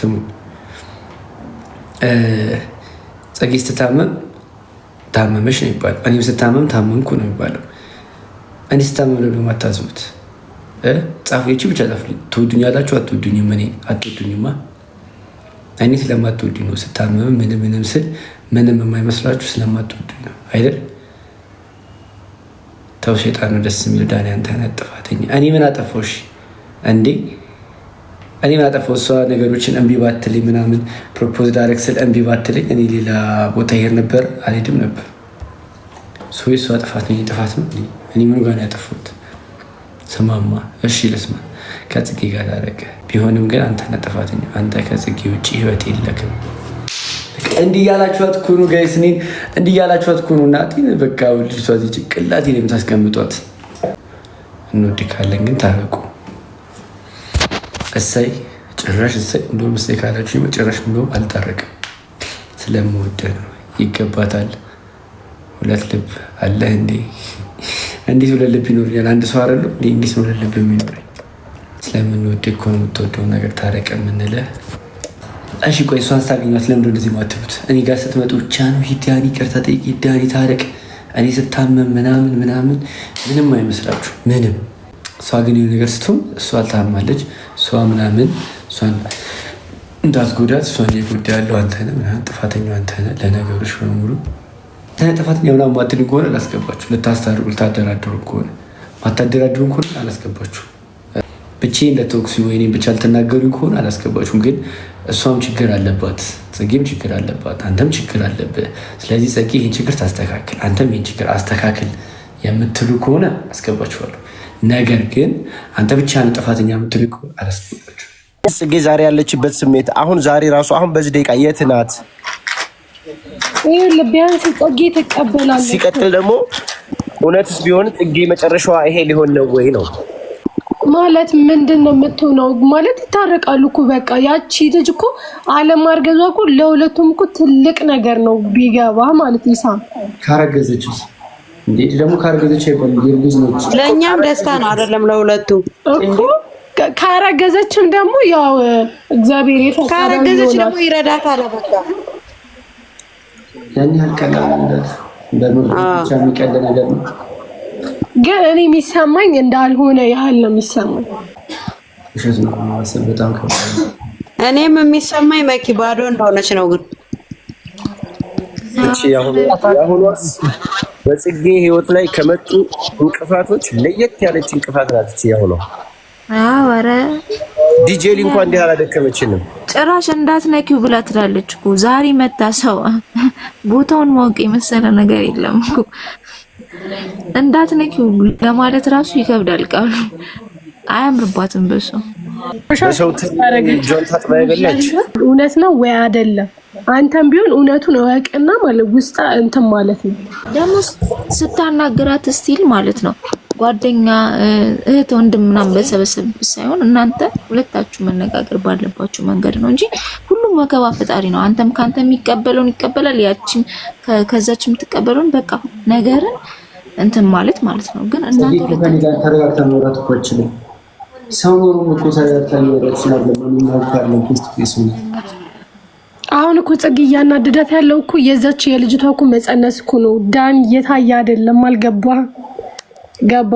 ስሙ ጸጌ ስትታመም ታመመሽ ነው የሚባለው። እኔም ስታመም ታመምኩ ነው የሚባለው። እኔ ስታመም ደግሞ አታዝሙት። ጻፎች ብቻ ጻፉልኝ። ትወዱኝ ያላችሁ አትወዱኝም፣ እኔ አትወዱኝማ። እኔ ስለማትወዱኝ ነው ስታመም ምንም ምንም ስል ምንም የማይመስላችሁ ስለማትወዱኝ ነው አይደል? ተው ሸጣን ነው ደስ የሚል ዳኒ፣ አንተ ጥፋተኛ። እኔ ምን አጠፋሽ እንዴ? እኔ ማጠፈው እሷ ነገሮችን እምቢ ባትልኝ ምናምን ፕሮፖዝ ዳይሬክት ስል እምቢ ባትልኝ እኔ ሌላ ቦታ ይሄድ ነበር አልሄድም ነበር። ሰው እሷ ጥፋት ነው ጥፋት ነው። እኔ ምን ጋር ያጠፉት? ስማማ እሺ ልስማ ከጽጌ ጋር ታረቀ ቢሆንም ግን አንተ ነህ ጥፋተኛ። አንተ ከጽጌ ውጭ ህይወት የለክም። እንዲህ እያላችኋት ኩኑ ጋይስ፣ እኔን እንዲህ እያላችኋት ኩኑ እና በቃ ልጅቷ ጭቅላት የምታስቀምጧት። እንወድካለን ግን ታረቁ እሰይ ጭራሽ እሰይ እንደውም እሰይ ካላችሁ መጨረሻ እንደውም አልጠረቅም ስለምወደ ነው። ይገባታል። ሁለት ልብ አለህ እንዴ? እንዴት ሁለት ልብ ይኖረኛል? አንድ ሰው አረሉ እንዴት ነው ሁለት ልብ የሚኖረኝ? ስለምንወድ እኮ ነው የምትወደው ነገር ታረቀ የምንልህ። እሺ ቆይ እሷን ስታገኟት ለምንድን እንደዚህ የማትሉት? እኔ ጋር ስትመጡ ብቻ ነው ሂዳኒ ይቅርታ ጠይቂ ዳኒ ታረቅ እኔ ስታመም ምናምን ምናምን ምንም አይመስላችሁ ምንም እሷ ግን ነገር ስቱም እሷ ታማለች፣ እሷ ምናምን እሷን እንዳትጎዳት እሷን የጎዳ ያለው አንተነ ምናምን ጥፋተኛ አንተነ ለነገሮች በሙሉ ጥፋተኛ ምናምን ማትን ከሆነ አላስገባችሁ። ልታስታርቁ ልታደራድሩ ከሆነ ማታደራድሩ ከሆነ አላስገባችሁ። ብቼ እንደተወቅሱ ወይኔ ብቻ ልትናገሩ ከሆነ አላስገባችሁም። ግን እሷም ችግር አለባት፣ ጽጌም ችግር አለባት፣ አንተም ችግር አለብህ። ስለዚህ ጽጌ ይህን ችግር ታስተካክል፣ አንተም ይህን ችግር አስተካክል የምትሉ ከሆነ አስገባችኋለሁ። ነገር ግን አንተ ብቻ ነው ጥፋተኛ የምትልቁ አላስገባችም። ጽጌ ዛሬ ያለችበት ስሜት አሁን ዛሬ ራሱ አሁን በዚህ ደቂቃ የት ናት? ቢያንስ ጽጌ ትቀበላለች። ሲቀጥል ደግሞ እውነትስ ቢሆን ጽጌ መጨረሻዋ ይሄ ሊሆን ነው ወይ ነው ማለት ምንድን ነው የምትሆነው? ማለት ይታረቃሉ እኮ በቃ። ያቺ ልጅ እኮ አለማርገዟ እኮ ለሁለቱም እኮ ትልቅ ነገር ነው ቢገባ ማለት ይሳ ካረገዘችው እንዴት ደግሞ ካረገዘች አይባልም። የእርጉዝ ነች። ለእኛም ደስታ ነው አይደለም? ለሁለቱ እኮ ካረገዘችም ደግሞ ያው እግዚአብሔር ይፈታ። ካረገዘች ደግሞ ይረዳታል። በቃ ያን ያህል ቀላል በምርቱ ብቻ የሚቀል ነገር ነው። ግን እኔ የሚሰማኝ እንዳልሆነ ያህል ነው የሚሰማኝ። ውሸት ነው ማሰብ በጣም ከባድ ነው። እኔም የሚሰማኝ መኪ ባዶ እንደሆነች ነው። ግን እቺ ያሁኑ ያሁኑ በጽጌ ህይወት ላይ ከመጡ እንቅፋቶች ለየት ያለች እንቅፋት ናት። እቺ ያው ነው። አዎ ኧረ ዲጄሊ እንኳን እንዲህ አላደከመችንም። ጭራሽ እንዳትነኪው ብላ ትላለች እኮ ዛሬ መታ ሰው ቦታውን ማወቅ የመሰለ ነገር የለም እኮ እንዳትነኪው ለማለት ራሱ ይከብዳል ቃሉ አያምርባትም። በሰው በሰው ጆን ታጥባ የበላች እውነት ነው ወይ አይደለም? አንተም ቢሆን እውነቱን እወቅና ማለት ውስጥ እንትን ማለት ነው። ደግሞ ስታናግራት ስቲል ማለት ነው ጓደኛ እህት ወንድም ምናምን በሰበሰብ ሳይሆን እናንተ ሁለታችሁ መነጋገር ባለባችሁ መንገድ ነው እንጂ ሁሉም ወገባ ፈጣሪ ነው። አንተም ከአንተ የሚቀበለውን ይቀበላል፣ ያቺም ከዛች የምትቀበለውን በቃ ነገርን እንትን ማለት ማለት ነው። ግን እናንተ ሁለታችሁ ተረጋግተን መውራት እኮ ሰው ኖሩም እኮ ተረጋግተን መውራት ይችላል። ማንም ያውቃለን ፌስ ቱ አሁን እኮ ጽጌ እያናደዳት ያለው እኮ የዛች የልጅቷ እኮ መጸነስ እኮ ነው። ዳን እየታየ አይደለም። አልገባ ገባ።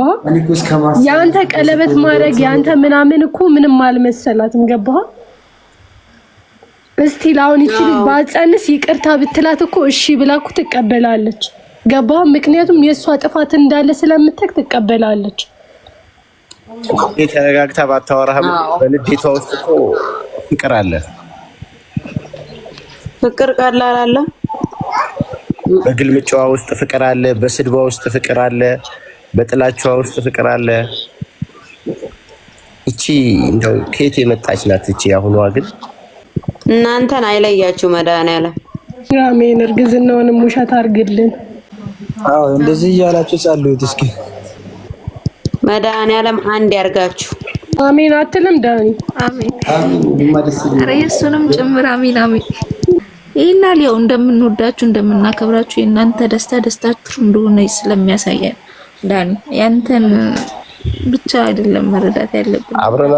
የአንተ ቀለበት ማድረግ የአንተ ምናምን እኮ ምንም አልመሰላትም። ገባ። እስቲ ለአሁን ይቺ ልጅ ባጸንስ ይቅርታ ብትላት እኮ እሺ ብላ እኮ ትቀበላለች። ገባ። ምክንያቱም የእሷ ጥፋት እንዳለ ስለምትክ ትቀበላለች። ተረጋግታ ባታወራህ በልዴቷ ውስጥ እኮ ፍቅር አለ። ፍቅር ቀላል አለ። በግልምጫዋ ውስጥ ፍቅር አለ፣ በስድቧ ውስጥ ፍቅር አለ፣ በጥላቻዋ ውስጥ ፍቅር አለ። እቺ እንደው ከየት የመጣች ናት? እቺ አሁኗ ግን እናንተን አይለያችሁ መድኃኒዓለም አሜን። እርግዝናውንም ውሸት አድርግልን። አዎ እንደዚህ እያላችሁ ጸልዩት እስኪ መድኃኒዓለም አንድ ያርጋችሁ። አሜን አትልም ዳኒ? አሜን አሜን። እሱንም ጭምር አሜን አሜን ይህና ሊያው እንደምንወዳችሁ እንደምናከብራችሁ የእናንተ ደስታ ደስታችሁ እንደሆነ ስለሚያሳየን ዳኒ ያንተን ብቻ አይደለም መረዳት ያለብን። አብረና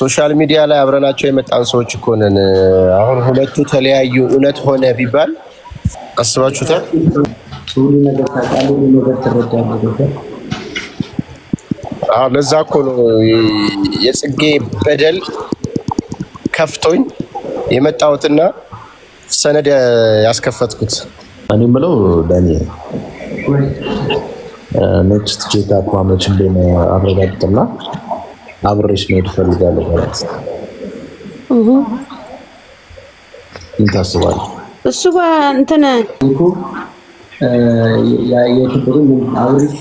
ሶሻል ሚዲያ ላይ አብረናቸው የመጣን ሰዎች እኮ ነን። አሁን ሁለቱ ተለያዩ እውነት ሆነ ቢባል አስባችሁታል? ለዛ እኮ ነው የጽጌ በደል ከፍቶኝ የመጣሁትና ሰነድ ያስከፈትኩት እኔ የምለው ዳኒ ኔክስት ጄት ኳመች እንደሆነ አረጋግጥና አብሬሽ መሄድ እፈልጋለሁ ማለት ምን ታስባለህ? እሱ እንትን የችግሩን አብሬሽ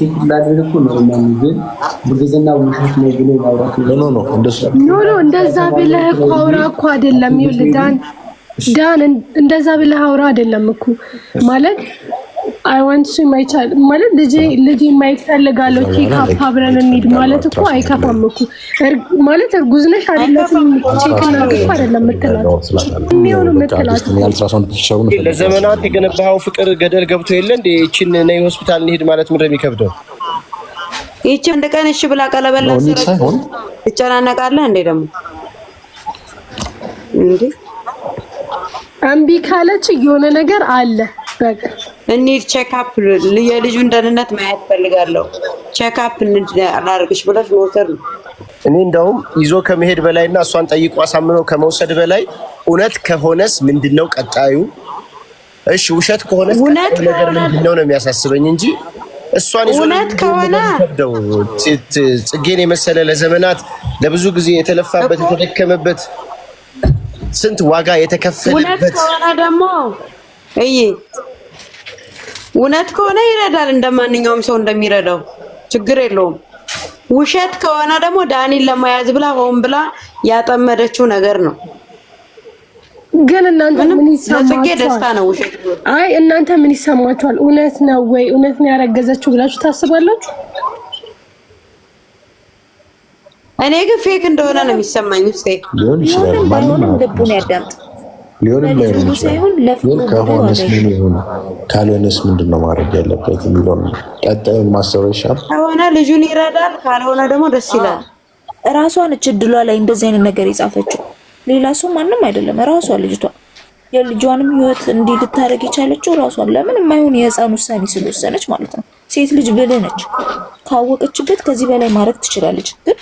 ነው ነው እንደዛ ብለህ አውራ እኮ አይደለም ይልዳን ዳን እንደዛ ብለህ አውራ አይደለም እኮ ማለት አይ ዋንት ሱ ማለት ልጄ ልጄ ማየት ፈልጋለሁ ቼክ አፕ አብረን እንሂድ ማለት እኮ አይከፋም እኮ ማለት እርጉዝ ነሽ አይደለም ቼክ እናድርግ አይደለም የምትላት የሚሆኑ የምትላት ለዘመናት የገነባኸው ፍቅር ገደል ገብቶ የለ እንደ ይህችን ነይ ሆስፒታል እንሂድ ማለት ምንድን ነው የሚከብደው? ይህቺ አንድ ቀን እሺ ብላ ቀለበላ ትጨናነቃለህ እንዴ ደግሞ እንዴ እምቢ ካለች የሆነ ነገር አለ። በቃ እንሂድ ቼክአፕ፣ የልጁን ደህንነት ማየት ፈልጋለሁ። ቼክአፕ ላድርግሽ ብለሽ መውሰድ ነው። እኔ እንደውም ይዞ ከመሄድ በላይ እና እሷን ጠይቆ አሳምኖ ከመውሰድ በላይ እውነት ከሆነስ ምንድን ነው ቀጣዩ? እሺ ውሸት ከሆነ ነገር ምንድን ነው ነው የሚያሳስበኝ እንጂ እሷን ይዞ እውነት ከሆነ ጽጌን የመሰለ ለዘመናት ለብዙ ጊዜ የተለፋበት የተደከመበት ስንት ዋጋ የተከፈለበት ከሆነ ደግሞ እይ እውነት ከሆነ ይረዳል፣ እንደማንኛውም ሰው እንደሚረዳው ችግር የለውም። ውሸት ከሆነ ደግሞ ዳኒን ለመያዝ ብላ ሆን ብላ ያጠመደችው ነገር ነው። ግን እናንተ ምን ይሰማችኋል? አይ እናንተ ምን ይሰማችኋል? እውነት ነው ወይ እውነት ነው ያረገዘችው ብላችሁ ታስባላችሁ? እኔ ግን ፌክ እንደሆነ ነው የሚሰማኝ። ውስጤ ሊሆን ይችላል። ማንም ልቡን ያዳምጥ ሊሆንም ላይሆን ይችላል። ከሆነስ ምን ይሁን ካልሆነስ ምንድን ነው ማድረግ ያለበት የሚለውን ቀጣዩን ማሰብ ይሻል። ከሆነ ልጁን ይረዳል፣ ካልሆነ ደግሞ ደስ ይላል። ነች እችድሏ ላይ እንደዚህ አይነት ነገር የጻፈችው ሌላ ሰው ማንም አይደለም። እራሷ ልጅቷ የልጇንም ህይወት እንዲህ ልታደርግ የቻለችው እራሷን ለምን የማይሆን የህፃን ውሳኔ ስለወሰነች ማለት ነው። ሴት ልጅ ብልህ ነች፣ ካወቀችበት ከዚህ በላይ ማድረግ ትችላለች ግን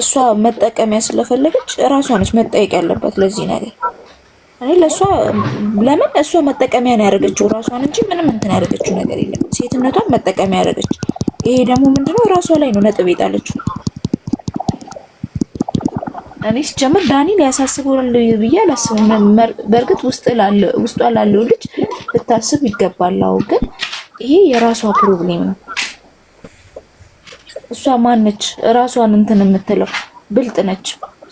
እሷ መጠቀሚያ ስለፈለገች እራሷ ነች መጠየቅ ያለባት ለዚህ ነገር። እኔ ለእሷ ለምን እሷ መጠቀሚያ ነው ያደረገችው እራሷን እንጂ ምንም እንትን ያደረገችው ነገር የለም። ሴትነቷን መጠቀሚያ ያደረገች። ይሄ ደግሞ ምንድነው እራሷ ላይ ነው ነጥብ የጣለችው። እኔ ሲጀምር ዳኒ ሊያሳስበው ብዬ አላስብም። በእርግጥ ውስጧ ላለው ልጅ ልታስብ ይገባል። አዎ ግን ይሄ የራሷ ፕሮብሌም ነው። እሷ ማነች? እራሷን እንትን የምትለው ብልጥ ነች፣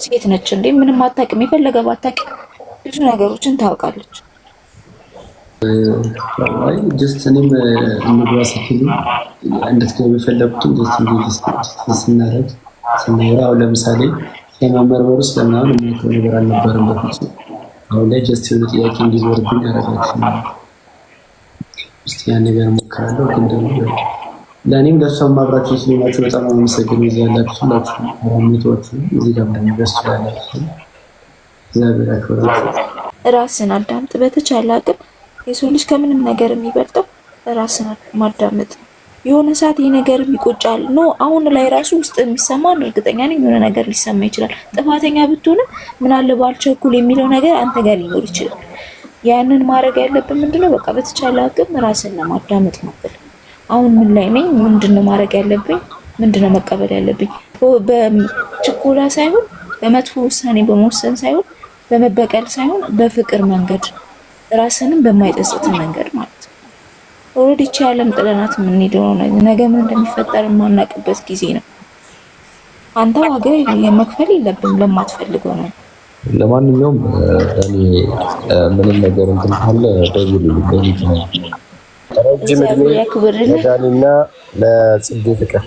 ሴት ነች። እንዴ ምንም አታውቅም። የፈለገ ባታውቅም ብዙ ነገሮችን ታውቃለች። አይ ጀስት እኔም ምግባ ስክል እንድትገቢ የፈለጉትን ስናደርግ ስናወራ፣ አሁን ለምሳሌ ለመመርመሩ ስለምናምን የሚያውቀው ነገር አልነበረም በፍጹም። አሁን ላይ ጀስት የሆነ ጥያቄ እንዲዞርብኝ ያረጋች ስ ያን ነገር ሞክራለሁ ግን ደግሞ ለእኔም ለእሷም አብራችሁ ስለሆናችሁ በጣም አመሰግን። እዚህ ያላችሁ ሁላችሁ ሞቶች እዚህ ደግሞ ገስቱ ያላችሁ እግዚአብሔር ያክብራችሁ። ራስን አዳምጥ። በተቻለ አቅም የሰው ልጅ ከምንም ነገር የሚበልጠው ራስን ማዳመጥ ነው። የሆነ ሰዓት ይህ ነገር ይቆጫል። ኖ አሁን ላይ ራሱ ውስጥ የሚሰማ ነው። እርግጠኛ ነኝ የሆነ ነገር ሊሰማ ይችላል። ጥፋተኛ ብትሆንም ምናለ ባልቸኩል የሚለው ነገር አንተ ጋር ሊኖር ይችላል። ያንን ማድረግ ያለብን ምንድነው? በቃ በተቻለ አቅም ራስን ለማዳመጥ ነው። አሁን ምን ላይ ነኝ? ምንድነው ማድረግ ያለብኝ? ምንድነው መቀበል ያለብኝ? በችኮላ ሳይሆን በመጥፎ ውሳኔ በመወሰን ሳይሆን በመበቀል ሳይሆን በፍቅር መንገድ ራስንም በማይጸጽት መንገድ ማለት ነው። ኦልሬዲ ይቺ ዓለም ጥለናት የምንሄደው ነው። ነገ ምን እንደሚፈጠር የማናውቅበት ጊዜ ነው። አንተ ዋጋ የመክፈል የለብም ለማትፈልገው ነው። ለማንኛውም እኔ ምንም ነገር እንትን ካለ ደውልልኝ እጅ ምድሜ መድኃኒና ለጽጌ ፍቅር